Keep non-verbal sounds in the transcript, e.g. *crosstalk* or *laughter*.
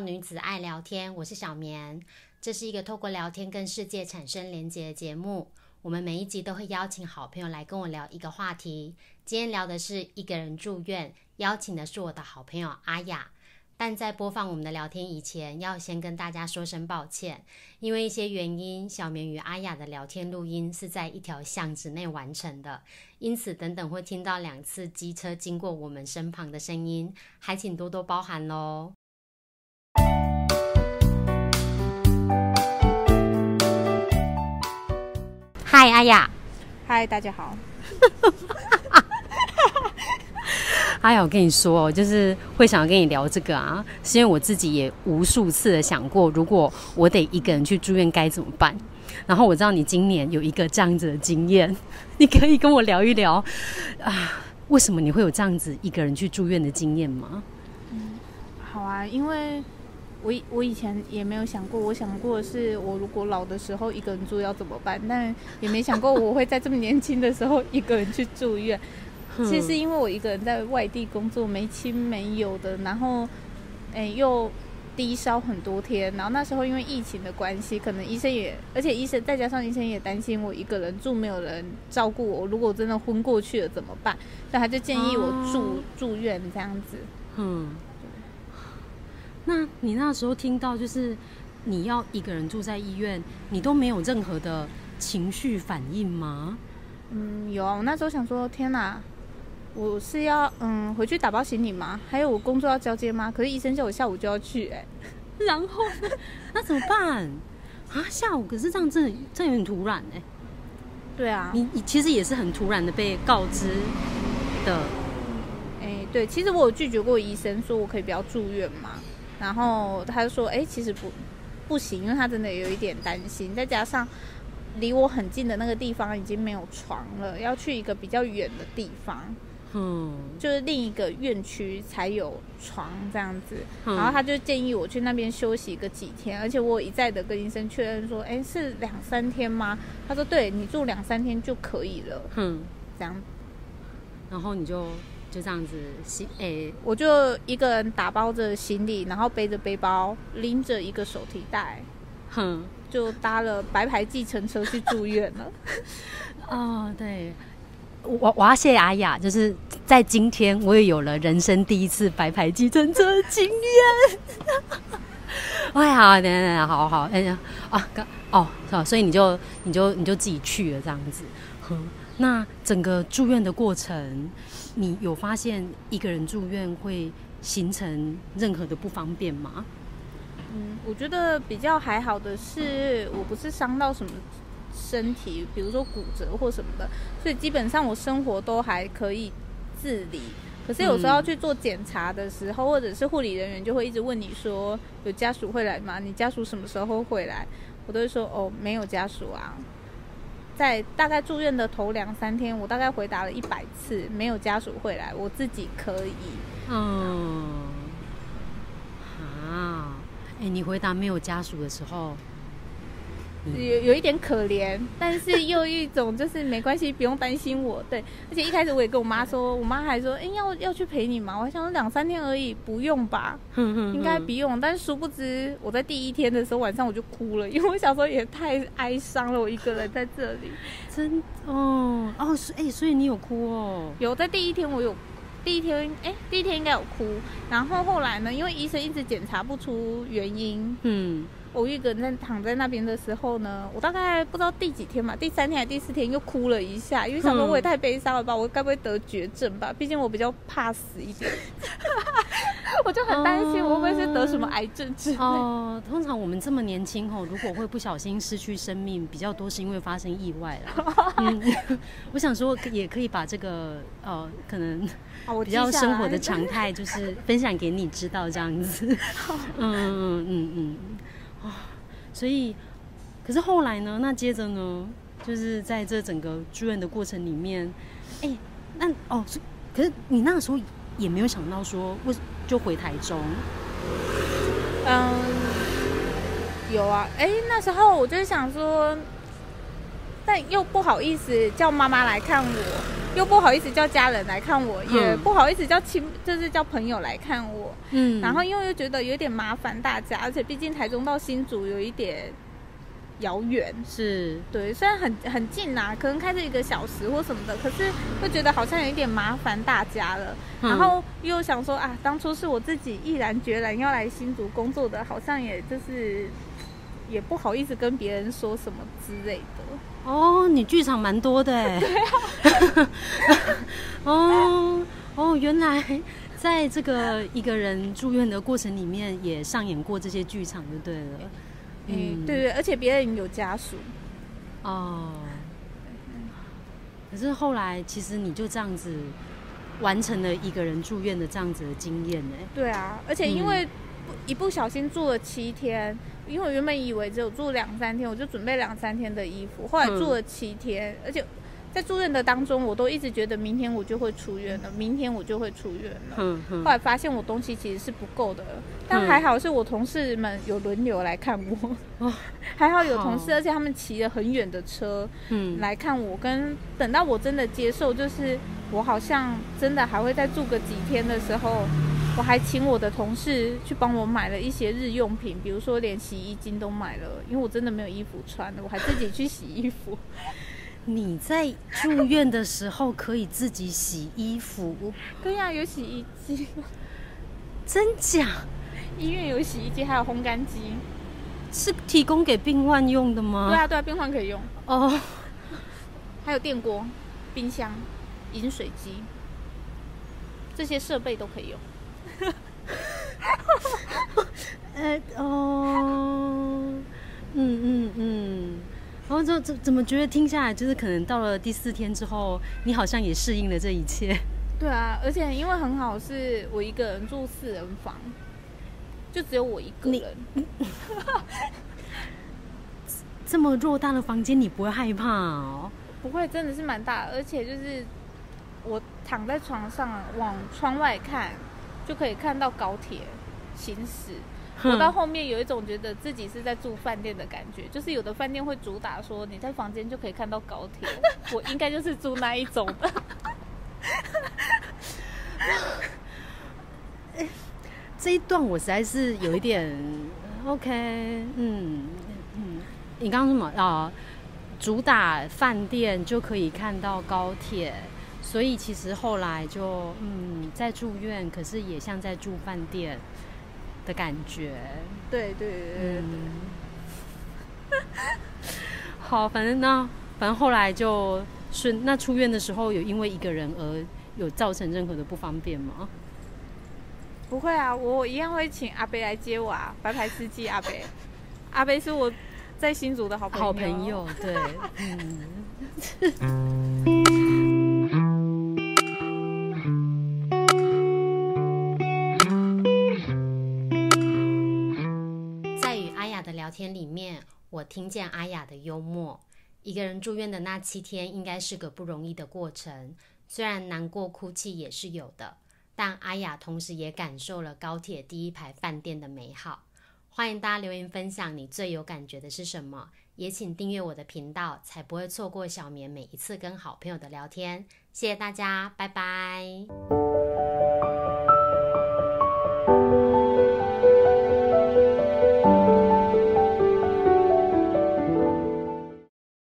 女子愛聊天，我是小綿。這是一個透過聊天跟世界產生連結的節目。我們每一集都會邀請好朋友來跟我聊一個話題。今天聊的是一個人住院，邀請的是我的好朋友阿雅。但在播放我們的聊天以前，要先跟大家說聲抱歉，因為一些原因，小綿與阿雅的聊天錄音是在一條巷子內完成的，因此等等會聽到兩次機車經過我們身旁的聲音，還請多多包涵嘍。嗨，阿雅！嗨，大家好！阿雅、 *laughs* 哎，我跟你說哦，就是會想要跟你聊這個啊，是因為我自己也無數次的想過，如果我得一個人去住院該怎麼辦。然後我知道你今年有一個這樣子的經驗，你可以跟我聊一聊啊，為什麼你會有這樣子一個人去住院的經驗嗎？嗯，好啊，因為。我我以前也沒有想過，我想過的是我如果老的時候一個人住要怎麼辦，但也沒想過我會在這麼年輕的時候一個人去住院。 *laughs* 其實是因為我一個人在外地工作，沒親沒友的，然後誒又低燒很多天，然後那時候因為疫情的關係，可能醫生也，而且醫生再加上醫生也擔心我一個人住沒有人照顧我，如果真的昏過去了怎麼辦？所以他就建議我住 *laughs* 住院這樣子。嗯。 *laughs* 那你那時候聽到就是你要一個人住在醫院，你都沒有任何的情緒反應嗎？嗯，有啊。我那時候想說，天哪、啊，我是要嗯回去打包行李嗎？還有我工作要交接嗎？可是醫生叫我下午就要去、欸，哎，然後 *laughs* 那怎麼辦啊？下午可是這樣真的很這有點突然哎、欸。對啊，你你其實也是很突然的被告知的。哎、嗯欸，對，其實我有拒絕過醫生，說我可以不要住院嘛。然後他就說：“誒、欸，其實不，不行，因為他真的有一點擔心，再加上離我很近的那個地方已經沒有床了，要去一個比較遠的地方，嗯，就是另一個院區才有床這樣子。嗯，然後他就建議我去那邊休息個幾天，而且我一再的跟醫生確認說：誒、欸，是兩三天嗎？他說：對，你住兩三天就可以了，嗯，這樣，然後你就。”就這樣子，行、欸、誒，我就一個人打包着行李，然後背着背包，拎着一個手提袋，哼，就搭了白牌計程車去住院了。 *laughs* 哦，對，我我要謝謝阿雅，就是在今天我也有了人生第一次白牌計程車的經驗。 *laughs* 哎，好，等等等等，好好，哎、欸、呀啊，剛哦，好，所以你就你就你就，你就自己去了這樣子，哼。那整個住院的過程，你有發現一個人住院會形成任何的不方便嗎？嗯，我覺得比較還好的是我不是傷到什麼身體，比如說骨折或什麼的，所以基本上我生活都還可以自理。可是有時候要去做檢查的時候，或者是護理人員就會一直問你說有家屬會來嗎？你家屬什麼時候會來？我都會說哦，沒有家屬啊。在大概住院的頭兩三天，我大概回答了一百次，沒有家屬會來，我自己可以。嗯，啊、oh.，哎、欸，你回答沒有家屬的時候，有有一點可憐，但是又一種就是沒關係， *laughs* 不用擔心我。對，而且一開始我也跟我媽說，我媽還說，哎、欸，要要去陪你嘛。我還想說兩三天而已，不用吧，應該不用。但是殊不知，我在第一天的時候晚上我就哭了，因為我想說也太哀傷了，我一個人在這裡，真的哦哦。所以哎，所以你有哭哦？有，在第一天我有，第一天哎、欸，第一天應該有哭。然後後來呢，因為醫生一直檢查不出原因，嗯。偶遇一個人躺在那邊的時候呢，我大概不知道第幾天嘛，第三天還是第四天又哭了一下，因為想說我也太悲傷了吧，嗯、我該不會得絕症吧？畢竟我比較怕死一點， *laughs* 我就很擔心我會不會是得什麼癌症之類、嗯嗯。通常我們這麼年輕吼，如果會不小心失去生命，比較多是因為發生意外啦。嗯，我想說也可以把這個呃，可能比較生活的常態，就是分享給你知道這樣子。嗯嗯嗯嗯。嗯啊，所以，可是後來呢？那接着呢？就是在這整個住院的過程裡面，哎、欸，那哦，可是你那個時候也沒有想到說會就回台中，嗯，有啊，哎、欸，那時候我就是想說，但又不好意思叫媽媽來看我。又不好意思叫家人來看我，嗯、也不好意思叫親，就是叫朋友來看我。嗯，然後因為又覺得有點麻煩大家，而且畢竟台中到新竹有一點遙遠，是對，雖然很很近吶、啊，可能開車一個小時或什麼的，可是會覺得好像有一點麻煩大家了。嗯、然後又想說啊，當初是我自己毅然決然要來新竹工作的，好像也就是也不好意思跟別人說什麼之類的。哦，你劇場蠻多的哎！ *laughs* 哦哦，原來在這個一個人住院的過程裡面，也上演過這些劇場，就對了。嗯，嗯對對，而且別人有家屬。哦。可是後來，其實你就這樣子完成了一個人住院的這樣子的經驗哎。對啊，而且因為、嗯。一不小心住了七天，因為我原本以為只有住兩三天，我就準備兩三天的衣服。後來住了七天，嗯、而且在住院的當中，我都一直覺得明天我就會出院了，明天我就會出院了。嗯嗯、後來發現我東西其實是不夠的，但還好是我同事們有輪流來看我，嗯、還好有同事，而且他們騎了很遠的車來看我。嗯、跟等到我真的接受，就是我好像真的還會再住個幾天的時候。我還請我的同事去幫我買了一些日用品，比如說連洗衣精都買了，因為我真的沒有衣服穿了。我還自己去洗衣服。你在住院的時候可以自己洗衣服？對呀，有洗衣機。真假？醫院有洗衣機，還有烘乾機，是提供給病患用的嗎？對啊，對啊，病患可以用。哦。Oh. 還有電鍋、冰箱、飲水機，這些設備都可以用。哈哈，呃、 *laughs* 嗯嗯嗯，哦，嗯嗯嗯，然後就怎怎麼覺得聽下來就是可能到了第四天之後，你好像也適應了這一切。對啊，而且因為很好，是我一個人住四人房，就只有我一個人。你 *laughs* 這麼偌大的房間，你不會害怕哦？不會，真的是蠻大，而且就是我躺在床上往窗外看。就可以看到高鐵行駛。我到後面有一種覺得自己是在住飯店的感覺，哼就是有的飯店會主打說，你在房間就可以看到高鐵， *laughs* 我應該就是住那一種的。 *laughs* 這一段我實在是有一點 OK，嗯嗯，你剛剛說什麼啊？主打飯店就可以看到高鐵。所以其實後來就嗯，在住院，可是也像在住飯店的感覺。對對、對、對，嗯。 *laughs* 好，反正呢，反正後來就是那出院的時候，有因為一個人而有造成任何的不方便嗎？不會啊，我一樣會請阿貝來接我啊，白牌司機阿貝。 *laughs* 阿貝是我，在新竹的好朋友。啊，好朋友，對，嗯。 *laughs* 阿雅的聊天裡面，我聽見阿雅的幽默。一個人住院的那七天，應該是個不容易的過程。雖然難過、哭泣也是有的，但阿雅同時也感受了高鐵第一排飯店的美好。歡迎大家留言分享你最有感覺的是什麼？也請訂閱我的頻道，才不會錯過小綿每一次跟好朋友的聊天。謝謝大家，拜拜。